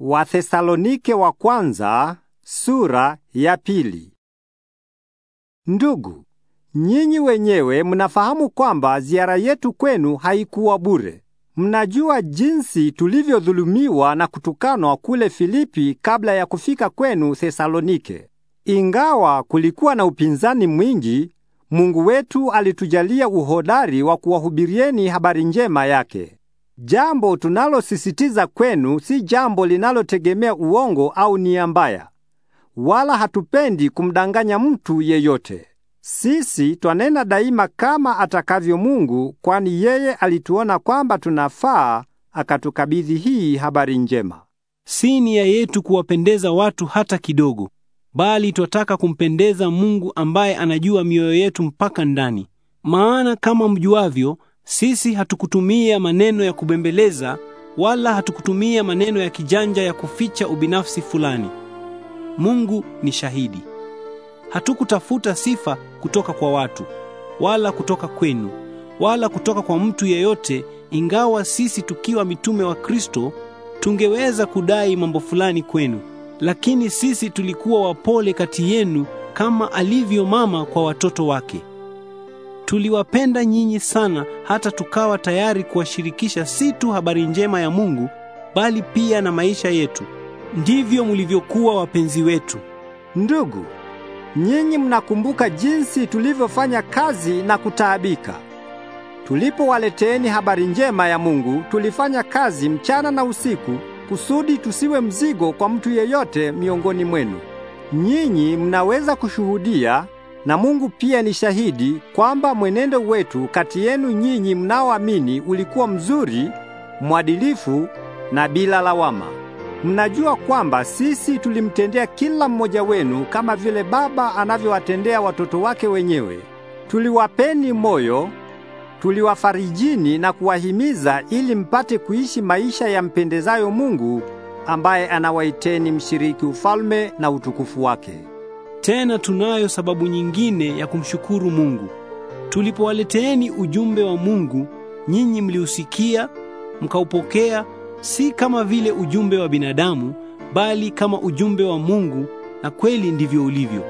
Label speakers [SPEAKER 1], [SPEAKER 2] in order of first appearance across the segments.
[SPEAKER 1] Wathesalonike wa kwanza sura ya pili. Ndugu, nyinyi wenyewe mnafahamu kwamba ziara yetu kwenu haikuwa bure. Mnajua jinsi tulivyodhulumiwa na kutukanwa kule Filipi kabla ya kufika kwenu Thesalonike. Ingawa kulikuwa na upinzani mwingi, Mungu wetu alitujalia uhodari wa kuwahubirieni habari njema yake. Jambo tunalosisitiza kwenu si jambo linalotegemea uongo au nia mbaya, wala hatupendi kumdanganya mtu yeyote. Sisi twanena daima kama atakavyo Mungu, kwani yeye alituona kwamba tunafaa akatukabidhi hii habari njema.
[SPEAKER 2] Si nia yetu kuwapendeza watu hata kidogo, bali twataka kumpendeza Mungu ambaye anajua mioyo yetu mpaka ndani. Maana kama mjuavyo sisi hatukutumia maneno ya kubembeleza wala hatukutumia maneno ya kijanja ya kuficha ubinafsi fulani. Mungu ni shahidi. Hatukutafuta sifa kutoka kwa watu wala kutoka kwenu wala kutoka kwa mtu yeyote, ingawa sisi tukiwa mitume wa Kristo tungeweza kudai mambo fulani kwenu. Lakini sisi tulikuwa wapole kati yenu kama alivyo mama kwa watoto wake. Tuliwapenda nyinyi sana hata tukawa tayari kuwashirikisha si tu habari njema ya Mungu bali pia na maisha yetu. Ndivyo mlivyokuwa wapenzi wetu. Ndugu,
[SPEAKER 1] nyinyi mnakumbuka jinsi tulivyofanya kazi na kutaabika. Tulipowaleteeni habari njema ya Mungu, tulifanya kazi mchana na usiku kusudi tusiwe mzigo kwa mtu yeyote miongoni mwenu. Nyinyi mnaweza kushuhudia na Mungu pia ni shahidi kwamba mwenendo wetu kati yenu nyinyi mnaoamini ulikuwa mzuri, mwadilifu na bila lawama. Mnajua kwamba sisi tulimtendea kila mmoja wenu kama vile baba anavyowatendea watoto wake wenyewe. Tuliwapeni moyo, tuliwafarijini na kuwahimiza ili mpate kuishi maisha yampendezayo Mungu ambaye anawaiteni mshiriki ufalme na utukufu wake.
[SPEAKER 2] Tena tunayo sababu nyingine ya kumshukuru Mungu. Tulipowaleteeni ujumbe wa Mungu, nyinyi mliusikia, mkaupokea si kama vile ujumbe wa binadamu, bali kama ujumbe wa Mungu, na kweli ndivyo ulivyo.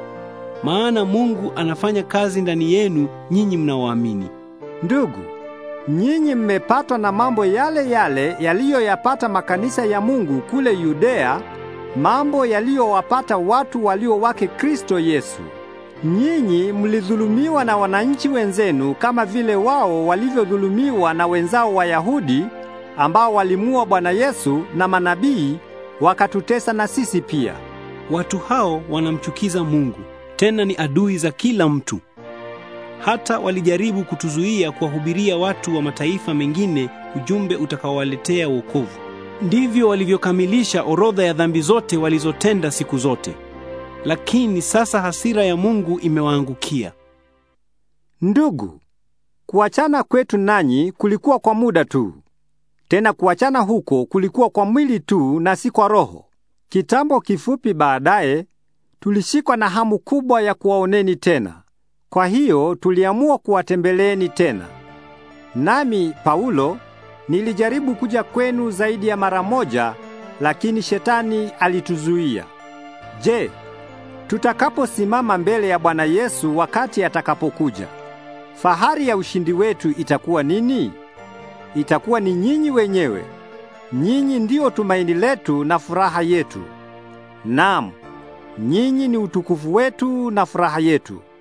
[SPEAKER 2] Maana Mungu anafanya kazi ndani yenu nyinyi mnaoamini. Ndugu,
[SPEAKER 1] nyinyi mmepatwa na mambo yale yale yaliyoyapata makanisa ya Mungu kule Yudea mambo yaliyowapata watu walio wake Kristo Yesu. Nyinyi mlidhulumiwa na wananchi wenzenu kama vile wao walivyodhulumiwa na wenzao Wayahudi ambao walimua Bwana Yesu na manabii
[SPEAKER 2] wakatutesa na sisi pia. Watu hao wanamchukiza Mungu, tena ni adui za kila mtu. Hata walijaribu kutuzuia kuwahubiria watu wa mataifa mengine ujumbe utakaowaletea wokovu ndivyo walivyokamilisha orodha ya dhambi zote walizotenda siku zote. Lakini sasa hasira ya Mungu imewaangukia. Ndugu,
[SPEAKER 1] kuachana kwetu nanyi kulikuwa kwa muda tu. Tena kuachana huko kulikuwa kwa mwili tu na si kwa roho. Kitambo kifupi baadaye tulishikwa na hamu kubwa ya kuwaoneni tena. Kwa hiyo tuliamua kuwatembeleeni tena. Nami Paulo Nilijaribu kuja kwenu zaidi ya mara moja, lakini shetani alituzuia. Je, tutakaposimama mbele ya Bwana Yesu wakati atakapokuja, fahari ya ushindi wetu itakuwa nini? Itakuwa ni nyinyi wenyewe. Nyinyi ndio tumaini letu na furaha yetu. Naam, nyinyi ni utukufu wetu na furaha yetu.